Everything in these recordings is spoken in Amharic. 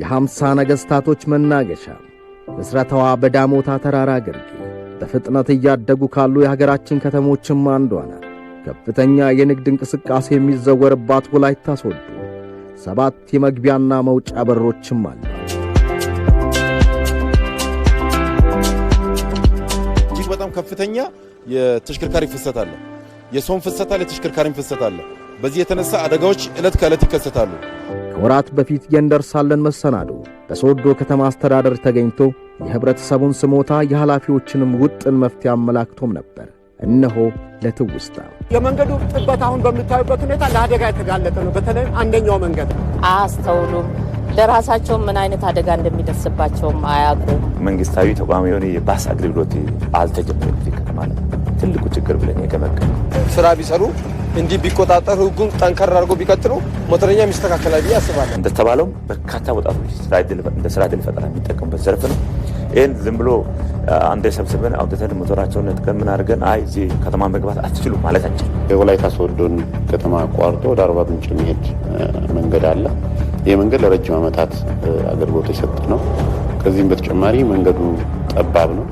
የሐምሳ ነገሥታቶች መናገሻ ምስረታዋ በዳሞታ ተራራ ግርጌ በፍጥነት እያደጉ ካሉ የሀገራችን ከተሞችም አንዷ ናት። ከፍተኛ የንግድ እንቅስቃሴ የሚዘወርባት ወላይታ ሶዶ ሰባት የመግቢያና መውጫ በሮችም አለ። እጅግ በጣም ከፍተኛ የተሽከርካሪ ፍሰት አለ። የሰውን ፍሰት አለ፣ የተሽከርካሪም ፍሰት አለ። በዚህ የተነሳ አደጋዎች ዕለት ከዕለት ይከሰታሉ። ከወራት በፊት የእንደርሳለን መሰናዶ በሶዶ ከተማ አስተዳደር ተገኝቶ የህብረተሰቡን ስሞታ የኃላፊዎችንም ውጥን መፍትሄ አመላክቶም ነበር። እነሆ ለትውስታ የመንገዱ ጥበት አሁን በምታዩበት ሁኔታ ለአደጋ የተጋለጠ ነው። በተለይም አንደኛው መንገድ አያስተውሉም። ለራሳቸው ምን አይነት አደጋ እንደሚደርስባቸውም አያውቁም። መንግስታዊ ተቋም የሆነ የባስ አገልግሎት አልተጀመረም። ከተማ ትልቁ ችግር ብለን የገመገም ስራ ቢሰሩ እንዲህ ቢቆጣጠር ህጉን ጠንከር አድርጎ ቢቀጥሉ ሞተረኛ የሚስተካከላል ብዬ አስባለሁ። እንደተባለው በርካታ ወጣቶች ስራ እድል ፈጠራ የሚጠቀሙበት ዘርፍ ነው። ይህን ዝም ብሎ አንድ ሰብስበን አውጥተን ሞተራቸውን ነጥቀን ምን አድርገን አይ እዚህ ከተማ መግባት አትችሉም ማለት አንችል። የወላይታ ሶዶን ከተማ አቋርጦ ወደ አርባ ምንጭ የሚሄድ መንገድ አለ። ይህ መንገድ ለረጅም ዓመታት አገልግሎት የሰጠ ነው። ከዚህም በተጨማሪ መንገዱ ጠባብ ነው።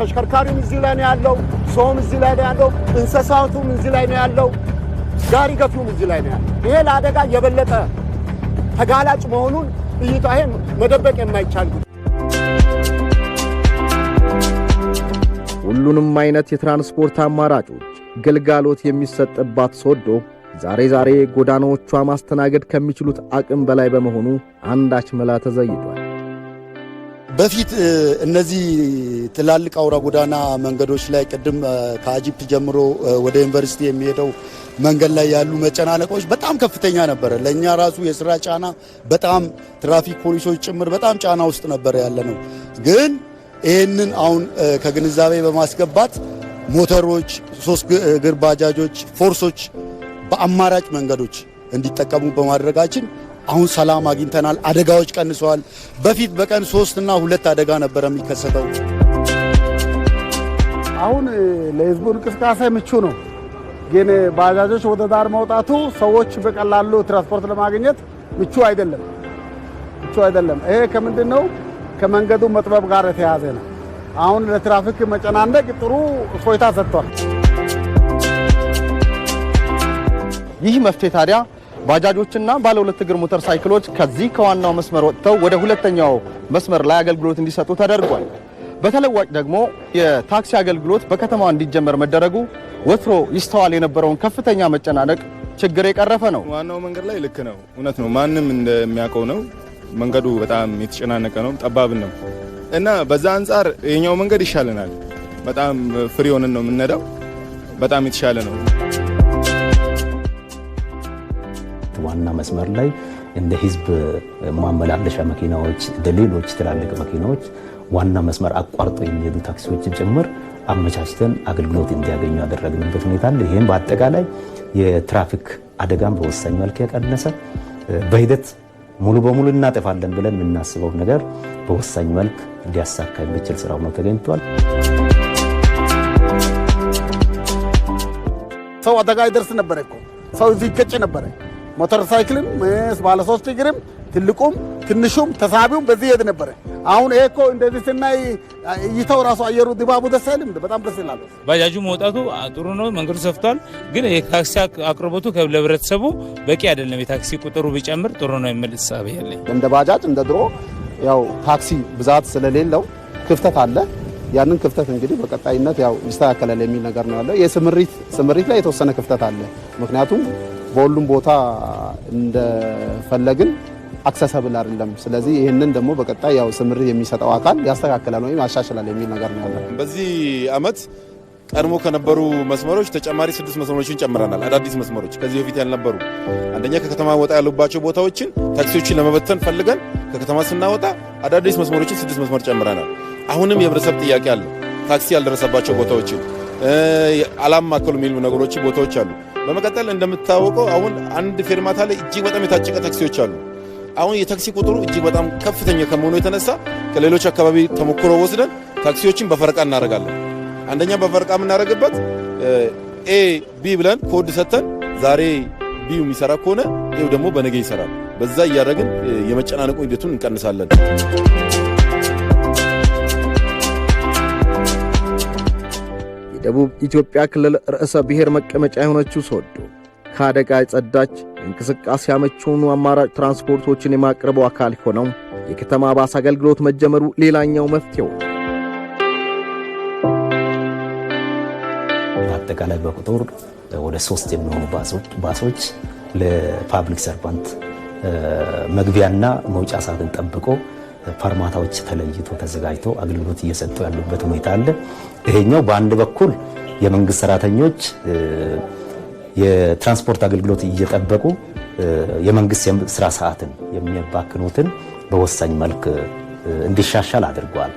ተሽከርካሪም እዚህ ላይ ነው ያለው፣ ሰውም እዚህ ላይ ነው ያለው፣ እንስሳቱም እዚህ ላይ ነው ያለው። ዛሬ ገፊውም እዚህ ላይ ነው ያለ። ይሄ ለአደጋ የበለጠ ተጋላጭ መሆኑን እይታ ይሄን መደበቅ የማይቻል ሁሉንም አይነት የትራንስፖርት አማራጮች ግልጋሎት የሚሰጥባት ሶዶ ዛሬ ዛሬ ጎዳናዎቿ ማስተናገድ ከሚችሉት አቅም በላይ በመሆኑ አንዳች መላ ተዘይቷል። በፊት እነዚህ ትላልቅ አውራ ጎዳና መንገዶች ላይ ቅድም ከአጂፕት ጀምሮ ወደ ዩኒቨርሲቲ የሚሄደው መንገድ ላይ ያሉ መጨናነቆች በጣም ከፍተኛ ነበረ። ለእኛ ራሱ የስራ ጫና በጣም ትራፊክ ፖሊሶች ጭምር በጣም ጫና ውስጥ ነበረ ያለ ነው። ግን ይህንን አሁን ከግንዛቤ በማስገባት ሞተሮች፣ ሶስት እግር ባጃጆች፣ ፎርሶች በአማራጭ መንገዶች እንዲጠቀሙ በማድረጋችን አሁን ሰላም አግኝተናል። አደጋዎች ቀንሰዋል። በፊት በቀን ሶስት እና ሁለት አደጋ ነበረ የሚከሰተው። አሁን ለህዝቡ እንቅስቃሴ ምቹ ነው፣ ግን ባጃጆች ወደ ዳር መውጣቱ ሰዎች በቀላሉ ትራንስፖርት ለማግኘት ምቹ አይደለም ምቹ አይደለም። ይሄ ከምንድን ነው? ከመንገዱ መጥበብ ጋር የተያዘ ነው። አሁን ለትራፊክ መጨናነቅ ጥሩ እፎይታ ሰጥቷል። ይህ መፍትሄ ታዲያ ባጃጆችና ባለ ሁለት እግር ሞተር ሳይክሎች ከዚህ ከዋናው መስመር ወጥተው ወደ ሁለተኛው መስመር ላይ አገልግሎት እንዲሰጡ ተደርጓል። በተለዋጭ ደግሞ የታክሲ አገልግሎት በከተማዋ እንዲጀመር መደረጉ ወትሮ ይስተዋል የነበረውን ከፍተኛ መጨናነቅ ችግር የቀረፈ ነው። ዋናው መንገድ ላይ ልክ ነው፣ እውነት ነው። ማንም እንደሚያውቀው ነው። መንገዱ በጣም የተጨናነቀ ነው፣ ጠባብ ነው እና በዛ አንጻር የኛው መንገድ ይሻለናል። በጣም ፍሪ ሆነን ነው የምንነዳው። በጣም የተሻለ ነው። ዋና መስመር ላይ እንደ ህዝብ ማመላለሻ መኪናዎች፣ እንደ ሌሎች ትላልቅ መኪናዎች ዋና መስመር አቋርጦ የሚሄዱ ታክሲዎችን ጭምር አመቻችተን አገልግሎት እንዲያገኙ ያደረግንበት ሁኔታ አለ። ይህም በአጠቃላይ የትራፊክ አደጋን በወሳኝ መልክ የቀነሰ በሂደት ሙሉ በሙሉ እናጠፋለን ብለን የምናስበው ነገር በወሳኝ መልክ ሊያሳካ የሚችል ስራ ሆኖ ተገኝቷል። ሰው አደጋ ይደርስ ነበረ እኮ ሰው ይከጭ ነበረ። ሞተር ሳይክልም ባለሶስት እግርም ትልቁም ትንሹም ተሳቢውም በዚህ ሄድ ነበረ። አሁን ይሄ እኮ እንደዚህ ስናይ እይታው ራሱ አየሩ ድባቡ ደስ አይልም? በጣም ደስ ይላል። ባጃጁ መውጣቱ ጥሩ ነው፣ መንገዱ ሰፍቷል። ግን የታክሲ አቅርቦቱ ለህብረተሰቡ በቂ አይደለም። የታክሲ ቁጥሩ ቢጨምር ጥሩ ነው የሚል ሳብ ያለ እንደ ባጃጅ እንደ ድሮ ያው ታክሲ ብዛት ስለሌለው ክፍተት አለ። ያንን ክፍተት እንግዲህ በቀጣይነት ያው ይስተካከላል የሚል ነገር ነው ያለው። የስምሪት ስምሪት ላይ የተወሰነ ክፍተት አለ ምክንያቱም በሁሉም ቦታ እንደፈለግን አክሰሰብል አይደለም። ስለዚህ ይህንን ደግሞ በቀጣይ ያው ስምር የሚሰጠው አካል ያስተካክላል ወይም ያሻሽላል የሚል ነገር ነው ያለ። በዚህ አመት ቀድሞ ከነበሩ መስመሮች ተጨማሪ ስድስት መስመሮችን ጨምረናል። አዳዲስ መስመሮች ከዚህ በፊት ያልነበሩ፣ አንደኛ ከከተማ ወጣ ያሉባቸው ቦታዎችን ታክሲዎችን ለመበተን ፈልገን ከከተማ ስናወጣ አዳዲስ መስመሮችን ስድስት መስመር ጨምረናል። አሁንም የህብረተሰብ ጥያቄ አለ። ታክሲ ያልደረሰባቸው ቦታዎችን አላማከሉ የሚሉ ነገሮች ቦታዎች አሉ። በመቀጠል እንደምታወቀው አሁን አንድ ፌርማታ ላይ እጅግ በጣም የታጨቀ ታክሲዎች አሉ። አሁን የታክሲ ቁጥሩ እጅግ በጣም ከፍተኛ ከመሆኑ የተነሳ ከሌሎች አካባቢ ተሞክሮ ወስደን ታክሲዎችን በፈረቃ እናደርጋለን። አንደኛ በፈረቃ የምናደርግበት ኤ ቢ ብለን ኮድ ሰጥተን ዛሬ ቢው የሚሰራ ከሆነ ኤው ደግሞ በነገ ይሰራል። በዛ እያደረግን የመጨናነቁ ሂደቱን እንቀንሳለን። የደቡብ ኢትዮጵያ ክልል ርዕሰ ብሔር መቀመጫ የሆነችው ሶዶ ከአደጋ የጸዳች እንቅስቃሴ አመች አማራጭ ትራንስፖርቶችን የማቅረበው አካል ሆነው የከተማ ባስ አገልግሎት መጀመሩ ሌላኛው መፍትሄው አጠቃላይ በቁጥር ወደ ሶስት የሚሆኑ ባሶች ለፓብሊክ ሰርቫንት መግቢያና መውጫ ሰዓትን ጠብቆ ፋርማታዎች ተለይቶ ተዘጋጅቶ አገልግሎት እየሰጡ ያሉበት ሁኔታ አለ። ይሄኛው በአንድ በኩል የመንግስት ሰራተኞች የትራንስፖርት አገልግሎት እየጠበቁ የመንግስት ስራ ሰዓትን የሚያባክኑትን በወሳኝ መልክ እንዲሻሻል አድርጓል።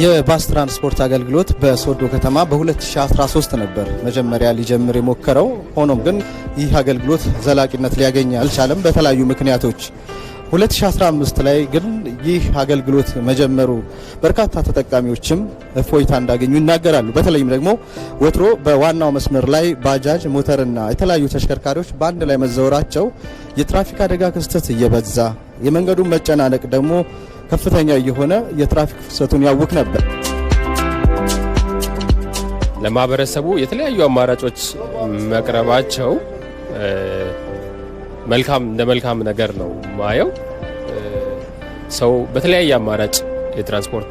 የባስ ትራንስፖርት አገልግሎት በሶዶ ከተማ በ2013 ነበር መጀመሪያ ሊጀምር የሞከረው ሆኖም ግን ይህ አገልግሎት ዘላቂነት ሊያገኝ አልቻለም በተለያዩ ምክንያቶች። 2015 ላይ ግን ይህ አገልግሎት መጀመሩ በርካታ ተጠቃሚዎችም እፎይታ እንዳገኙ ይናገራሉ። በተለይም ደግሞ ወትሮ በዋናው መስመር ላይ ባጃጅ፣ ሞተርና የተለያዩ ተሽከርካሪዎች በአንድ ላይ መዘወራቸው የትራፊክ አደጋ ክስተት እየበዛ የመንገዱን መጨናነቅ ደግሞ ከፍተኛ እየሆነ የትራፊክ ፍሰቱን ያውክ ነበር። ለማህበረሰቡ የተለያዩ አማራጮች መቅረባቸው መልካም እንደ መልካም ነገር ነው ማየው። ሰው በተለያየ አማራጭ የትራንስፖርት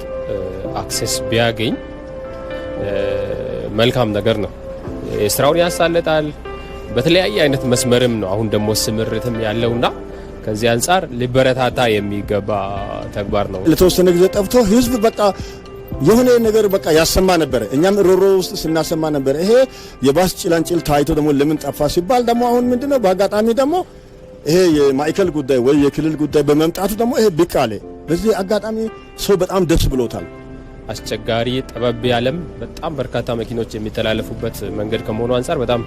አክሴስ ቢያገኝ መልካም ነገር ነው። የስራውን ያሳለጣል። በተለያየ አይነት መስመርም ነው አሁን ደግሞ ስምርትም ያለውና ከዚህ አንጻር ሊበረታታ የሚገባ ተግባር ነው። ለተወሰነ ጊዜ ጠፍቶ ህዝብ በቃ የሆነ ነገር በቃ ያሰማ ነበረ። እኛም ሮሮ ውስጥ ስናሰማ ነበረ። ይሄ የባስ ጭላንጭል ታይቶ ደግሞ ለምን ጠፋ ሲባል ደግሞ አሁን ምንድነው በአጋጣሚ ደግሞ ይሄ የማዕከል ጉዳይ ወይ የክልል ጉዳይ በመምጣቱ ደግሞ ይሄ ብቅ አለ። በዚህ አጋጣሚ ሰው በጣም ደስ ብሎታል። አስቸጋሪ ጠበብ ያለም በጣም በርካታ መኪኖች የሚተላለፉበት መንገድ ከመሆኑ አንጻር በጣም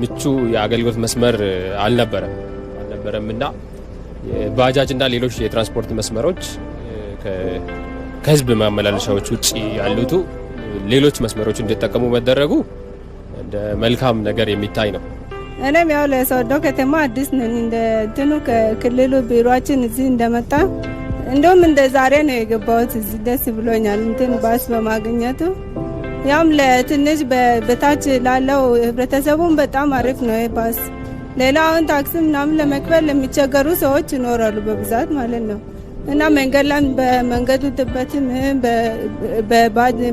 ምቹ የአገልግሎት መስመር አልነበረም አልነበረም እና ባጃጅ እና ሌሎች የትራንስፖርት መስመሮች ከህዝብ ማመላለሻዎች ውጭ ያሉቱ ሌሎች መስመሮች እንዲጠቀሙ መደረጉ እንደ መልካም ነገር የሚታይ ነው። እኔም ያው ለሶዶ ከተማ አዲስ ነኝ። እንደ እንትኑ ከክልሉ ቢሮችን እዚህ እንደመጣ እንደውም እንደ ዛሬ ነው የገባሁት። እዚህ ደስ ብሎኛል፣ እንትን ባስ በማግኘቱ ያም ለትንሽ በታች ላለው ህብረተሰቡን በጣም አሪፍ ነው ባስ። ሌላ አሁን ታክሲ ምናምን ለመክፈል ለሚቸገሩ ሰዎች ይኖራሉ በብዛት ማለት ነው። እና መንገድ ላይ በመንገዱ ጥበትም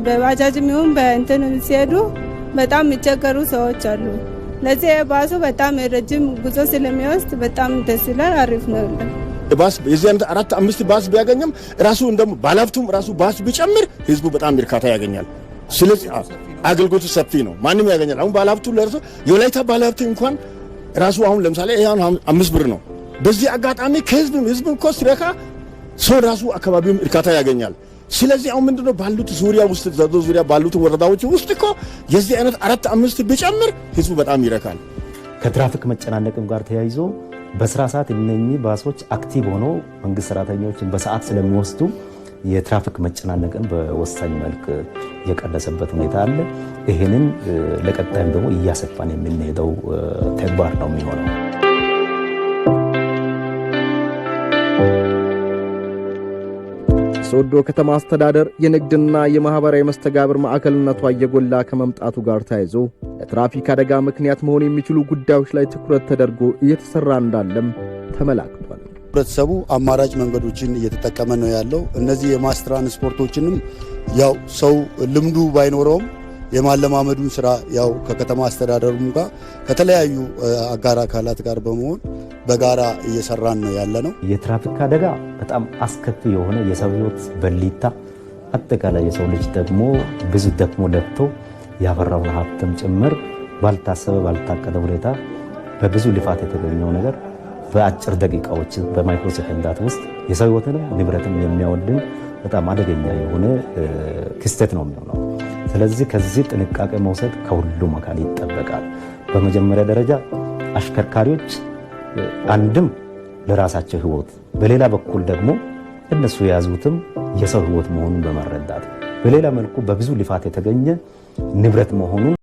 በባጃጅም ይሁን በእንትን ሲሄዱ በጣም የሚቸገሩ ሰዎች አሉ። ለዚህ የባሱ በጣም ረጅም ጉዞ ስለሚወስድ በጣም ደስ ይላል። አሪፍ ነው። ባስ የዚህ አይነት አራት አምስት ባስ ቢያገኝም ራሱ እንደም ባለሀብቱም ራሱ ባስ ቢጨምር ህዝቡ በጣም እርካታ ያገኛል። ስለዚህ አገልግሎቱ ሰፊ ነው፣ ማንም ያገኛል። አሁን ባለሀብቱ ለራሱ የወላይታ ባለሀብት እንኳን ራሱ አሁን ለምሳሌ አምስት ብር ነው። በዚህ አጋጣሚ ከህዝብም ህዝብም እኮ ሲረካ ሰው ራሱ አካባቢውም እርካታ ያገኛል። ስለዚህ አሁን ምንድነው ባሉት ዙሪያ ውስጥ ዘዶ ዙሪያ ባሉት ወረዳዎች ውስጥ እኮ የዚህ አይነት አራት አምስት ቢጨምር ህዝቡ በጣም ይረካል። ከትራፊክ መጨናነቅም ጋር ተያይዞ በስራ ሰዓት እነኚህ ባሶች አክቲቭ ሆኖ መንግስት ሰራተኞችን በሰዓት ስለሚወስዱ የትራፊክ መጨናነቅን በወሳኝ መልክ የቀነሰበት ሁኔታ አለ። ይህንን ለቀጣይም ደግሞ እያሰፋን የምንሄደው ተግባር ነው የሚሆነው። የሶዶ ከተማ አስተዳደር የንግድና የማኅበራዊ መስተጋብር ማዕከልነቷ እየጎላ ከመምጣቱ ጋር ተያይዞ ለትራፊክ አደጋ ምክንያት መሆን የሚችሉ ጉዳዮች ላይ ትኩረት ተደርጎ እየተሠራ እንዳለም ተመላክቷል። ህብረተሰቡ አማራጭ መንገዶችን እየተጠቀመ ነው ያለው። እነዚህ የማስ ትራንስፖርቶችንም ያው ሰው ልምዱ ባይኖረውም የማለማመዱን ስራ ያው ከከተማ አስተዳደሩም ጋር ከተለያዩ አጋር አካላት ጋር በመሆን በጋራ እየሰራን ነው ያለ ነው። የትራፊክ አደጋ በጣም አስከፊ የሆነ የሰው ህይወት በሊታ አጠቃላይ የሰው ልጅ ደግሞ ብዙ ደክሞ ለፍቶ ያፈራውን ሀብትም ጭምር ባልታሰበ ባልታቀደ ሁኔታ በብዙ ልፋት የተገኘው ነገር በአጭር ደቂቃዎች በማይክሮ ሰከንዳት ውስጥ የሰው ሕይወትንም ንብረትም የሚያወድን በጣም አደገኛ የሆነ ክስተት ነው የሚሆነው። ስለዚህ ከዚህ ጥንቃቄ መውሰድ ከሁሉም አካል ይጠበቃል። በመጀመሪያ ደረጃ አሽከርካሪዎች አንድም ለራሳቸው ህይወት፣ በሌላ በኩል ደግሞ እነሱ የያዙትም የሰው ህይወት መሆኑን በመረዳት በሌላ መልኩ በብዙ ልፋት የተገኘ ንብረት መሆኑን